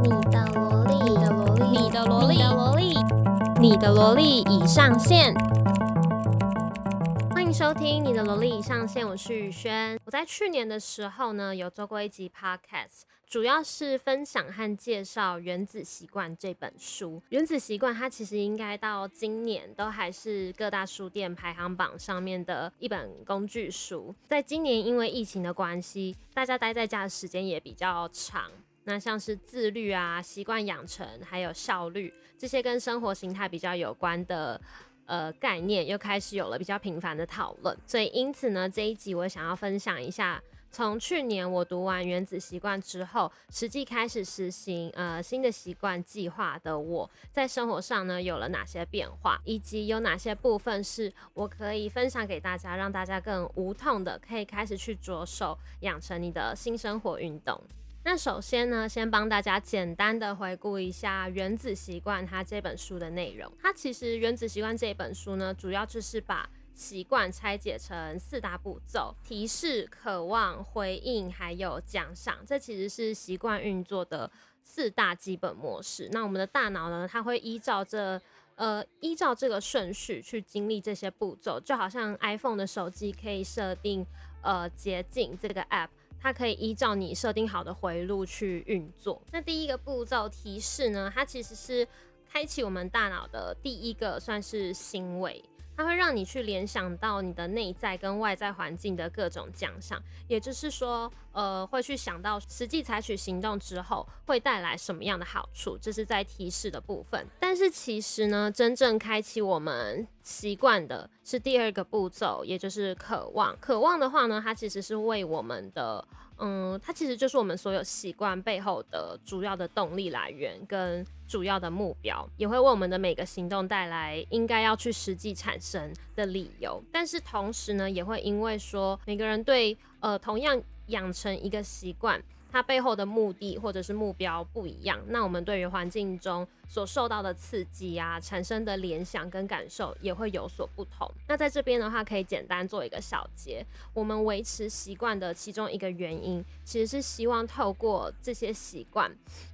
你的蘿莉，你的蘿莉，你的蘿莉，你的蘿莉，已上線。歡迎收聽你的蘿莉已上線，我是雨軒。我在去年的時候呢，有做過一集 podcast，主要是分享和介紹原子習慣這本書《原子習慣》這本書。《原子習慣》它其實應該到今年都還是各大書店排行榜上面的一本工具書。在今年因為疫情的關係，大家待在家的時間也比較長，那像是自律啊、習慣養成，還有效率這些跟生活形態比較有關的。呃，概念又開始有了比較頻繁的討論，所以因此呢，這一集我想要分享一下，從去年我讀完《原子習慣》之後，實際開始實行呃新的習慣計劃的我，在生活上呢有了哪些變化，以及有哪些部分是我可以分享給大家，讓大家更無痛的可以開始去着手養成你的新生活運動。那首先呢，先幫大家簡單的回顧一下《原子習慣》它這本書的內容。它其實《原子習慣》這本書呢，主要就是把習慣拆解成四大步驟：提示、渴望、回應，還有獎賞。這其實是習慣運作的四大基本模式。那我們的大腦呢，它會依照這呃依照這個順序去經歷這些步驟，就好像 iPhone 的手機可以設定呃捷徑這個 app。它可以依照你設定好的回路去運作。那第一個步驟提示呢，它其實是開啟我們大腦的第一個，算是行為。它會讓你去聯想到你的內在跟外在環境的各種獎賞，也就是說，呃，會去想到實際採取行動之後會帶來什麼樣的好處，這是在提示的部分。但是其實呢，真正開啟我們習慣的是第二個步驟，也就是渴望。渴望的話呢，它其實是為我們的。嗯，它其實就是我們所有習慣背後的主要的動力來源跟主要的目標，也會為我們的每個行動帶來應該要去實際產生的理由。但是同時呢，也會因為說每個人對呃同樣養成一個習慣，它背後的目的或者是目標不一樣，那我們對於環境中。所受到的刺激啊，產生的聯想跟感受也會有所不同。那在這邊的話，可以簡單做一個小結：我們維持習慣的其中一個原因，其實是希望透過這些習慣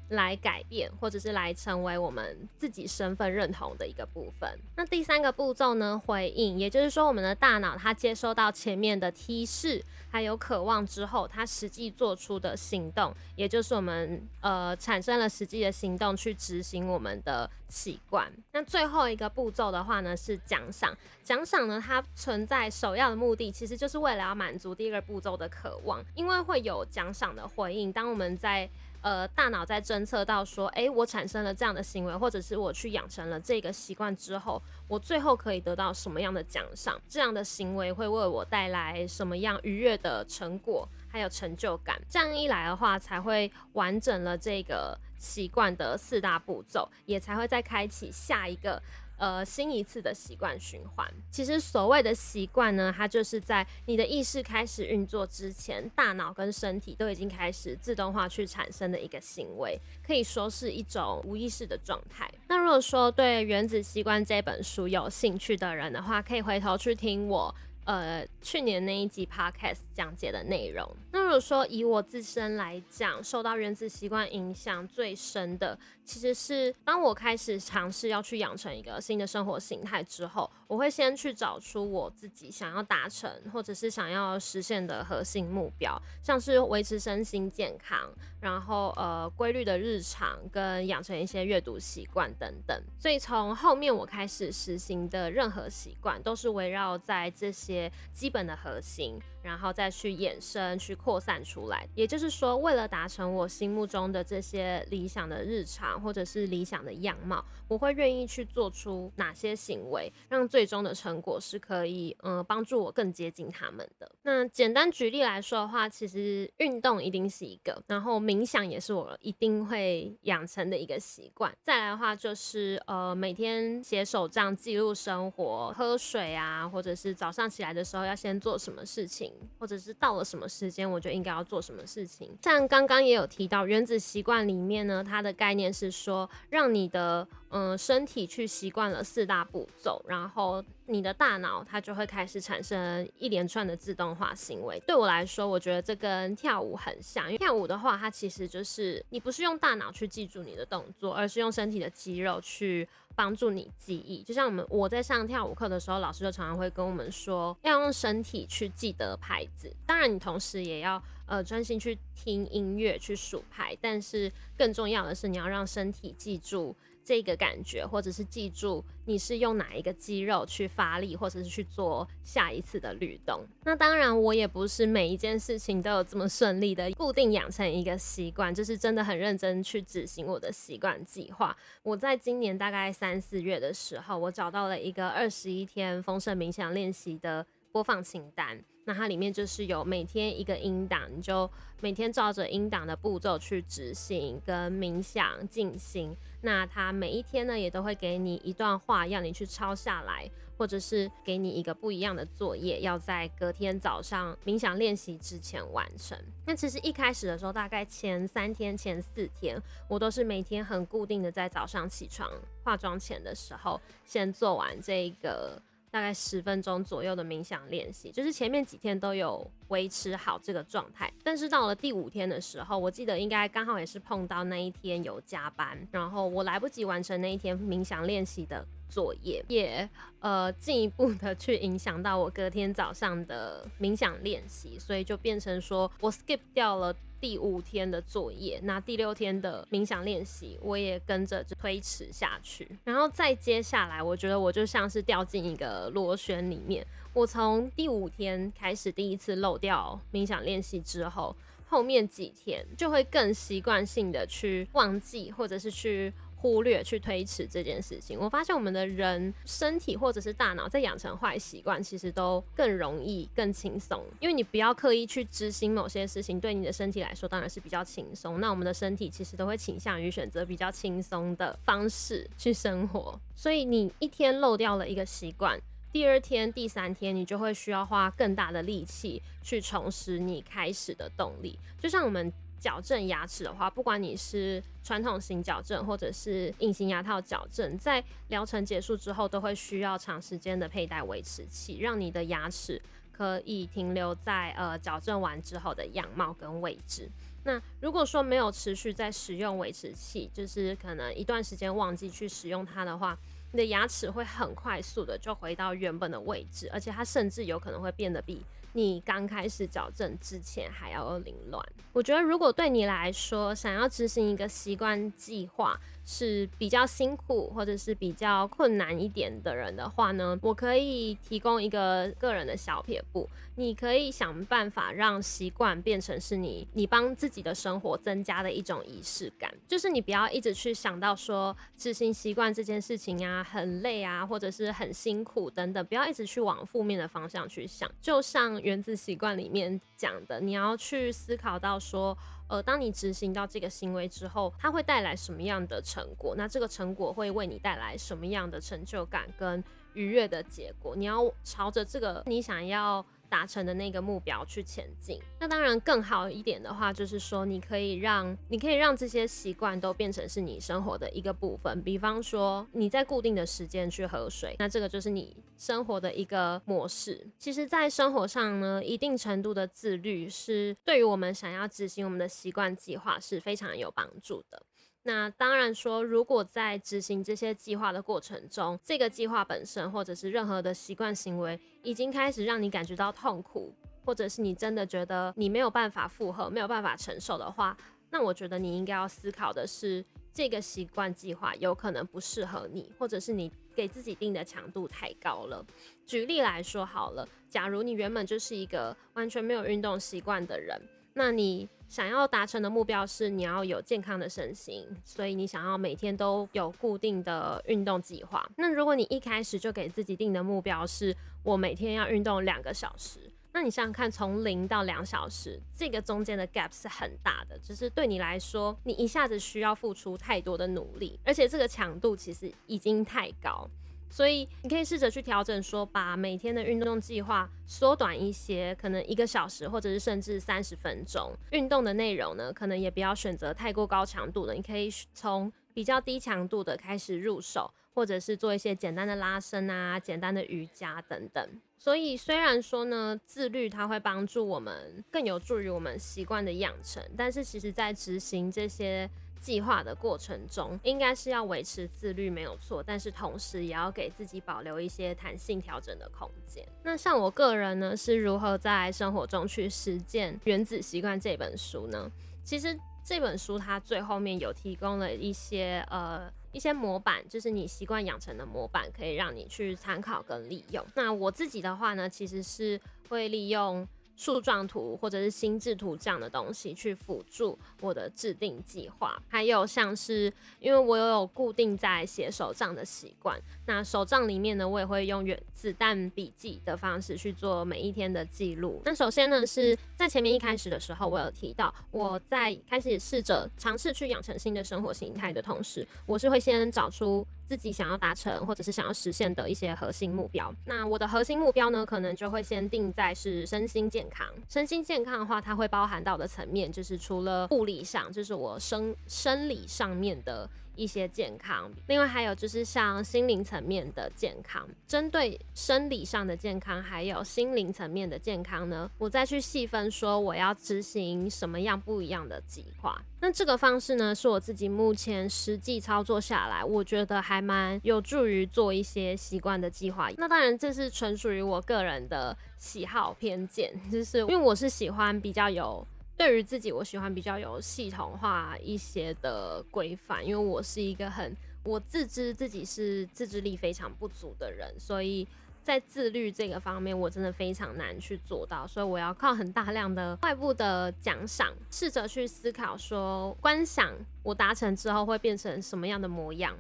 來改變，或者是來成為我們自己身份認同的一個部分。那第三個步驟呢，回應，也就是說，我們的大腦它接收到前面的提示還有渴望之後，它實際做出的行動，也就是我們呃產生了實際的行動去執行我們。我們的習慣。那最後一個步驟的話呢，是獎賞。獎賞呢，它存在首要的目的，其實就是為了要滿足第二個步驟的渴望。因為會有獎賞的回應。當我們在呃大腦在偵測到說，誒、欸，我產生了這樣的行為，或者是我去養成了這個習慣之後，我最後可以得到什麼樣的獎賞？這樣的行為會為我帶來什麼樣愉悅的成果？還有成就感，這樣一來的話，才會完整了這個習慣的四大步驟，也才會再開啟下一個呃、新一次的習慣循環。其實所謂的習慣呢，它就是在你的意識開始運作之前，大腦跟身體都已經開始自動化去產生的一個行為，可以說是一種無意識的狀態。那如果說對《原子習慣》這本書有興趣的人的話，可以回頭去聽我，呃，去年那一集 podcast 講解的內容。那如果說以我自身來講，受到原子習慣影響最深的，其實是，當我開始嘗試要去養成一個新的生活形態之後，我會先去找出我自己想要達成或者是想要實現的核心目標，像是維持身心健康，然後呃規律的日常跟養成一些閱讀習慣等等。所以從後面我開始實行的任何習慣，都是圍繞在這些基本的核心。然後再去衍生，去擴散出來，也就是說，為了達成我心目中的這些理想的日常或者是理想的樣貌，我會願意去做出哪些行為，讓最終的成果是可以，呃，幫助我更接近他們的。那簡單舉例來說的話，其實運動一定是一個，然後冥想也是我一定會養成的一個習慣。再來的話就是，呃，每天寫手賬，記錄生活，喝水啊，或者是早上起來的時候要先做什麼事情。或者是到了什麼時間，我就應該要做什麼事情。像剛剛也有提到，《原子習慣》裡面呢，它的概念是說，讓你的，嗯、呃，身體去習慣了四大步驟，然後你的大腦它就會開始產生一連串的自動化行為。對我來說，我覺得這跟跳舞很像，因為跳舞的話，它其實就是你不是用大腦去記住你的動作，而是用身體的肌肉去幫助你記憶。就像我們我在上跳舞課的時候，老師就常常會跟我們說，要用身體去記得拍子。當然，你同時也要呃專心去聽音樂去數拍，但是更重要的是，你要讓身體記住。這個感覺，或者是記住你是用哪一個肌肉去發力，或者是去做下一次的律動。那當然，我也不是每一件事情都有這麼順利的固定養成一個習慣，就是真的很認真去執行我的習慣計劃。我在今年大概三四月的時候，我找到了一個二十一天豐盛冥想練習的。播放清單，那它裡面就是有每天一個音檔，你就每天照着音檔的步驟去執行跟冥想進行。那它每一天呢，也都會給你一段話讓你去抄下來，或者是給你一個不一樣的作業，要在隔天早上冥想練習之前完成。那其實一開始的時候，大概前三天、前四天，我都是每天很固定的在早上起床化妝前的時候，先做完這一個。大概十分鐘左右的冥想練習，就是前面幾天都有維持好這個狀態，但是到了第五天的時候，我記得應該剛好也是碰到那一天有加班，然後我來不及完成那一天冥想練習的。作業也呃，進一步的去影響到我隔天早上的冥想練習，所以就變成說我 skip 掉了第五天的作業，那第六天的冥想練習我也跟着就推遲下去，然後再接下來我覺得我就像是掉進一個螺旋裡面，我從第五天開始第一次漏掉冥想練習之後，後面幾天就會更習慣性的去忘記或者是去。忽略、去推遲這件事情，我發現我們的人身體或者是大腦在養成壞習慣，其實都更容易、更輕鬆，因為你不要刻意去執行某些事情，對你的身體來說當然是比較輕鬆。那我們的身體其實都會傾向於選擇比較輕鬆的方式去生活，所以你一天漏掉了一個習慣，第二天、第三天你就會需要花更大的力氣去重拾你開始的動力，就像我們。矯正牙齒的話，不管你是傳統型矯正或者是隱形牙套矯正，在療程結束之後，都會需要長時間的佩戴維持器，讓你的牙齒可以停留在呃矯正完之後的樣貌跟位置。那如果說沒有持續在使用維持器，就是可能一段時間忘記去使用它的話，你的牙齒會很快速的就回到原本的位置，而且它甚至有可能會變得比你剛開始矯正之前還要凌亂，我覺得如果對你來說，想要執行一個習慣計劃，是比較辛苦或者是比較困難一點的人的話呢，我可以提供一個個人的小撇步，你可以想辦法讓習慣變成是你你幫自己的生活增加的一種儀式感，就是你不要一直去想到說執行習慣這件事情啊很累啊或者是很辛苦等等，不要一直去往負面的方向去想，就像《原子習慣》裡面講的，你要去思考到說。呃，當你執行到這個行為之後，它會帶來什麼樣的成果？那這個成果會為你帶來什麼樣的成就感跟愉悅的結果？你要朝着這個，你想要。達成的那個目標去前進，那當然更好一點的話，就是說你可以讓你可以讓這些習慣都變成是你生活的一個部分。比方說你在固定的時間去喝水，那這個就是你生活的一個模式。其實在生活上呢，一定程度的自律是對於我們想要執行我們的習慣計劃是非常有幫助的。那當然說，如果在執行這些計劃的過程中，這個計劃本身或者是任何的習慣行為已經開始讓你感覺到痛苦，或者是你真的覺得你沒有辦法負荷、沒有辦法承受的話，那我覺得你應該要思考的是，這個習慣計劃有可能不適合你，或者是你給自己定的強度太高了。舉例來說好了，假如你原本就是一個完全沒有運動習慣的人，那你……想要達成的目標是你要有健康的身心，所以你想要每天都有固定的運動計劃。那如果你一開始就給自己定的目標是，我每天要運動兩個小時，那你想想看，從零到兩小時，這個中間的 gap 是很大的，就是對你來說，你一下子需要付出太多的努力，而且這個強度其實已經太高。所以你可以試着去調整說，說把每天的運動計劃縮短一些，可能一個小時或者是甚至三十分鐘。運動的內容呢，可能也不要選擇太過高強度的，你可以從比較低強度的開始入手，或者是做一些簡單的拉伸啊、簡單的瑜伽等等。所以雖然說呢，自律它會幫助我們，更有助於我們習慣的養成，但是其實在執行這些。計劃的過程中，應該是要維持自律沒有錯，但是同時也要給自己保留一些彈性調整的空間。那像我個人呢，是如何在生活中去實踐《原子習慣》這本書呢？其實這本書它最後面有提供了一些呃一些模板，就是你習慣養成的模板，可以讓你去參考跟利用。那我自己的話呢，其實是會利用。樹狀圖或者是心智圖這樣的東西去輔助我的制定計劃，還有像是因為我有有固定在寫手賬的習慣，那手賬裡面呢，我也會用原子彈筆記的方式去做每一天的記錄。那首先呢是在前面一開始的時候，我有提到我在開始試着嘗試去養成新的生活形態的同時，我是會先找出。自己想要達成或者是想要實現的一些核心目標。那我的核心目標呢，可能就會先定在是身心健康。身心健康的話，它會包含到的層面，就是除了物理上，就是我生生理上面的。一些健康，另外還有就是像心靈層面的健康。針對生理上的健康，還有心靈層面的健康呢，我再去細分說我要執行什麼樣不一樣的計劃。那這個方式呢，是我自己目前實際操作下來，我覺得還蠻有助於做一些習慣的計劃。那當然，這是純屬於我個人的喜好偏見，就是因為我是喜歡比較有。對於自己，我喜歡比較有系統化一些的規範，因為我是一個很，我自知自己是自制力非常不足的人，所以在自律這個方面，我真的非常難去做到，所以我要靠很大量的外部的獎賞，試着去思考說，觀想我達成之後會變成什麼樣的模樣，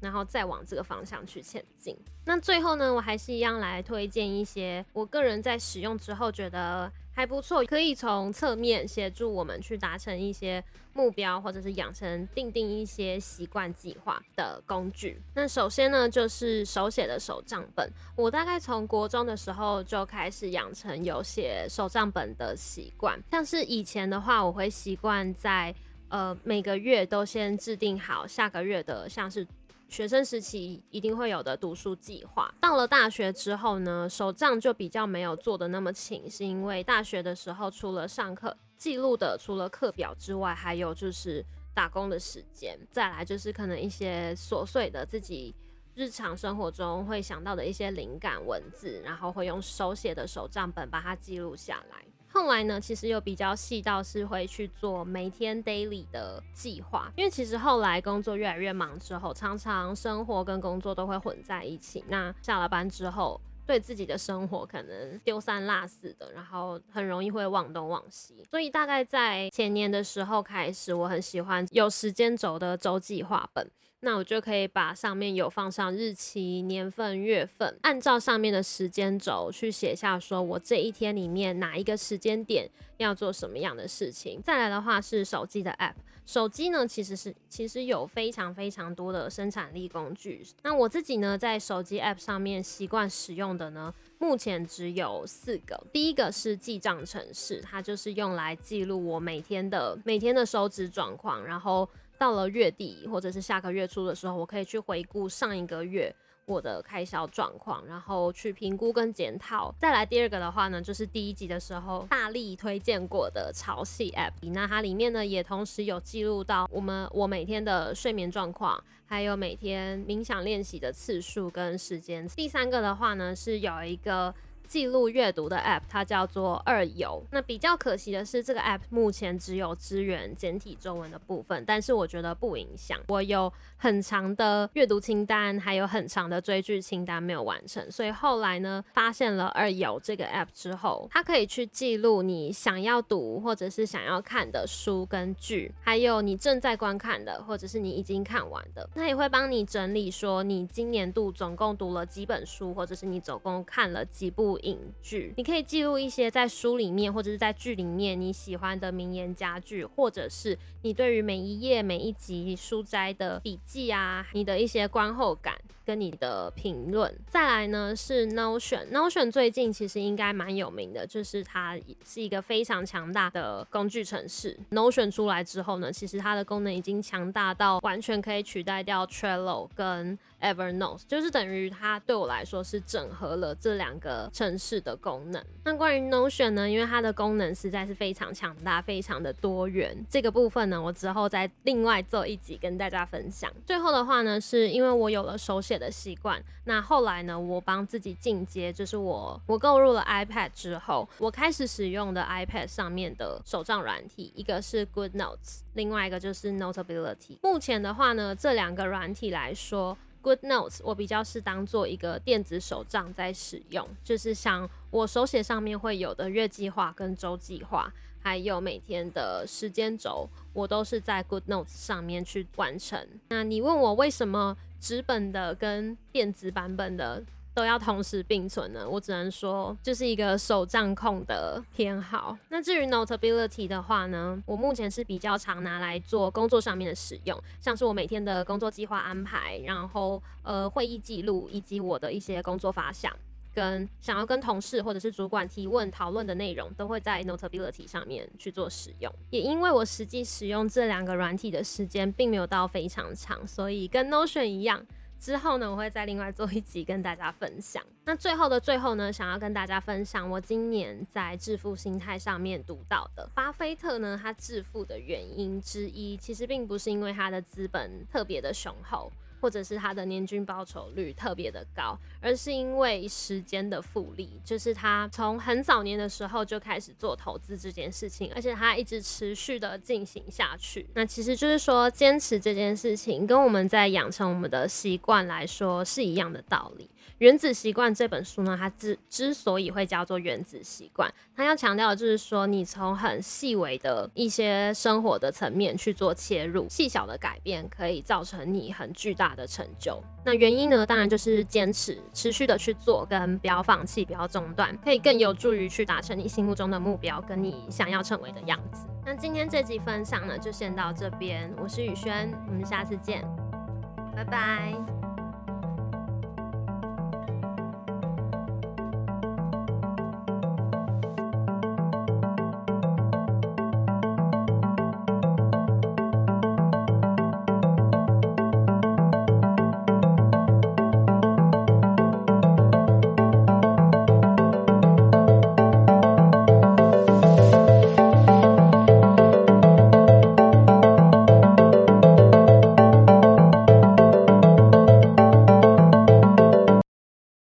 然後再往這個方向去前進。那最後呢，我還是一樣來推薦一些，我個人在使用之後覺得。還不錯，可以從側面協助我們去達成一些目標，或者是養成訂定一些習慣計劃的工具。那首先呢，就是手寫的手賬本。我大概從國中的時候就開始養成有寫手賬本的習慣。像是以前的話，我會習慣在呃每個月都先制定好下個月的像是。學生時期一定會有的讀書計劃，到了大學之後呢，手賬就比較沒有做得那麼勤，是因為大學的時候除了上課記錄的，除了課表之外，還有就是打工的時間，再來就是可能一些瑣碎的自己日常生活中會想到的一些靈感文字，然後會用手寫的手賬本把它記錄下來。後來呢，其實又比較細到是會去做每天 daily 的計劃，因為其實後來工作越來越忙之後，常常生活跟工作都會混在一起。那下了班之後，對自己的生活可能丟三落四的，然後很容易會忘東忘西。所以大概在前年的時候開始，我很喜歡有時間軸的周計劃本。那我就可以把上面有放上日期、年份、月份，按照上面的時間軸去寫下，說我這一天裡面哪一個時間點要做什麼樣的事情。再來的話是手機的 app，手機呢其實是其實有非常非常多的生產力工具。那我自己呢在手機 app 上面習慣使用的呢，目前只有四個。第一個是記賬程式，它就是用來記錄我每天的每天的收支狀況，然後。到了月底或者是下個月初的時候，我可以去回顧上一個月我的開銷狀況，然後去評估跟檢討。再來第二個的話呢，就是第一集的時候大力推薦過的潮汐 APP，那它裡面呢也同時有記錄到我們我每天的睡眠狀況，還有每天冥想練習的次數跟時間。第三個的話呢是有一個。記錄閱讀的 app，它叫做二酉。那比較可惜的是，這個 app 目前只有支援簡體中文的部分，但是我覺得不影響。我有很長的閱讀清單，還有很長的追劇清單沒有完成，所以後來呢，發現了二酉這個 app 之後，它可以去記錄你想要讀或者是想要看的書跟劇，還有你正在觀看的或者是你已經看完的，它也會幫你整理說你今年度總共讀了幾本書，或者是你總共看了幾部。影劇，你可以記錄一些在書裡面或者是在劇裡面你喜歡的名言佳句，或者是你對於每一頁、每一集書齋的筆記啊，你的一些觀後感跟你的評論。再來呢是 Notion，Notion 最近其實應該蠻有名的，就是它是一個非常強大的工具程式。Notion 出來之後呢，其實它的功能已經強大到完全可以取代掉 Trello 跟。Evernote 就是等於它對我來說是整合了這兩個程式的功能。那關於 Notion 呢，因為它的功能實在是非常強大，非常的多元。這個部分呢，我之後再另外做一集跟大家分享。最後的話呢，是因為我有了手寫的習慣，那後來呢，我幫自己進階，就是我我購入了 iPad 之後，我開始使用的 iPad 上面的手賬軟體，一個是 GoodNotes，另外一個就是 Notability。目前的話呢，這兩個軟體來說。Good Notes，我比較是當做一個電子手賬在使用，就是像我手寫上面會有的月計劃跟周計劃，還有每天的時間軸，我都是在 Good Notes 上面去完成。那你問我為什麼紙本的跟電子版本的，都要同時並存呢，我只能說就是一個手賬控的偏好。那至於 Notability 的話呢，我目前是比較常拿來做工作上面的使用，像是我每天的工作計劃安排，然後呃會議記錄，以及我的一些工作發想，跟想要跟同事或者是主管提問討論的內容，都會在 Notability 上面去做使用。也因為我實際使用這兩個軟體的時間並沒有到非常長，所以跟 Notion 一樣。之後呢，我會再另外做一集跟大家分享。那最後的最後呢，想要跟大家分享，我今年在致富心態上面讀到的，巴菲特呢，他致富的原因之一，其實並不是因為他的資本特別的雄厚。或者是他的年均報酬率特別的高，而是因為時間的複利，就是他從很早年的時候就開始做投資這件事情，而且他一直持續的進行下去。那其實就是說，堅持這件事情，跟我們在養成我們的習慣來說是一樣的道理。原子習慣這本書呢，它之之所以會叫做原子習慣，它要強調的就是說，你從很細微的一些生活的層面去做切入，細小的改變可以造成你很巨大的成就。那原因呢，當然就是堅持、持續的去做，跟不要放棄、不要中斷，可以更有助於去達成你心目中的目標，跟你想要成為的樣子。那今天這集分享呢，就先到這邊。我是宇軒，我們下次見，拜拜。